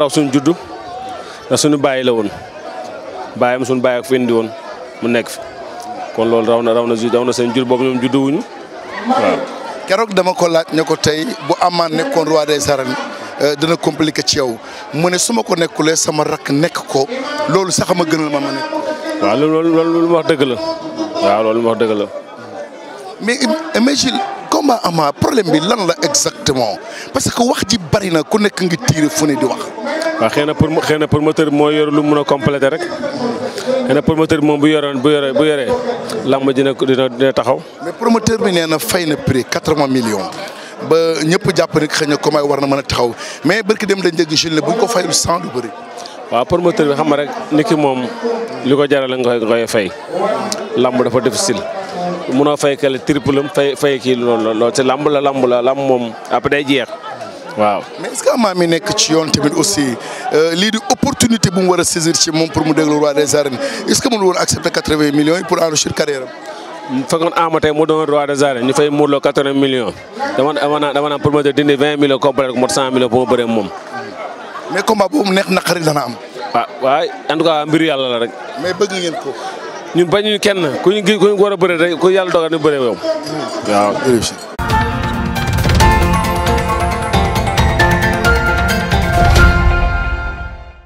raw suñ juddu ndax suñu bàyyi la woon bàyyam suñu bàyyi ak fi indi woon mu nekk fi kon loolu raw na raw na raw na seen jur boobu ñoom juddu wuñu waaw. keroog dama ko laaj ne ko tey bu amaan nekkoon roi des arènes euh, dana compliqué ci yow mu ne suma ko nekkulee sama rakk nekk ko loolu sax ma gënal ma ma nekk. waaw loolu loolu lu mu wax dëgg la waaw loolu lu mu wax dëgg la. combat Ama problème bi lan la exactement parce que wax ji bari na ku nekk ngi tiire fu ne di wax. waaw xëy na pour xëy na promoteur bi moo yor lu mun a compléter rek xëy na promoteur bi moom bu yoroon bu yoree bu yoree làmb dina dina dina taxaw. mais promoteur bi nee na fay na prix quatre-vingts millions. ba ñëpp jàpp ne xëy na combat war na mën a taxaw mais barki dem dañ dégg jël bu ñu ko fayul cent du bëri. waaw promoteur bi xam nga rek nit ki moom li ko jaral nga koy fay lamb dafa difficile munoo fay kale triple am fay fay kii noonu noonu te lamb la lamb la lamb moom après day jeex waaw. mais est-ce que nekk ci yoon tamit aussi euh, lii di opportunité bu mu a saisir ci moom pour mu déglu roi des arènes est-ce que mënul woon accepter quatre yi pour enrichir carrière am. fekkoon Ama mu doon dindi vingt ko mot cent millions pour mu bëree moom. mais combat boobu neex naqari dana am. ah waay en tout la rek. mais ñu bañuñu kenn ku ñu ku ñu war a rek ku yàlla dogal ñu bëree moom waaw.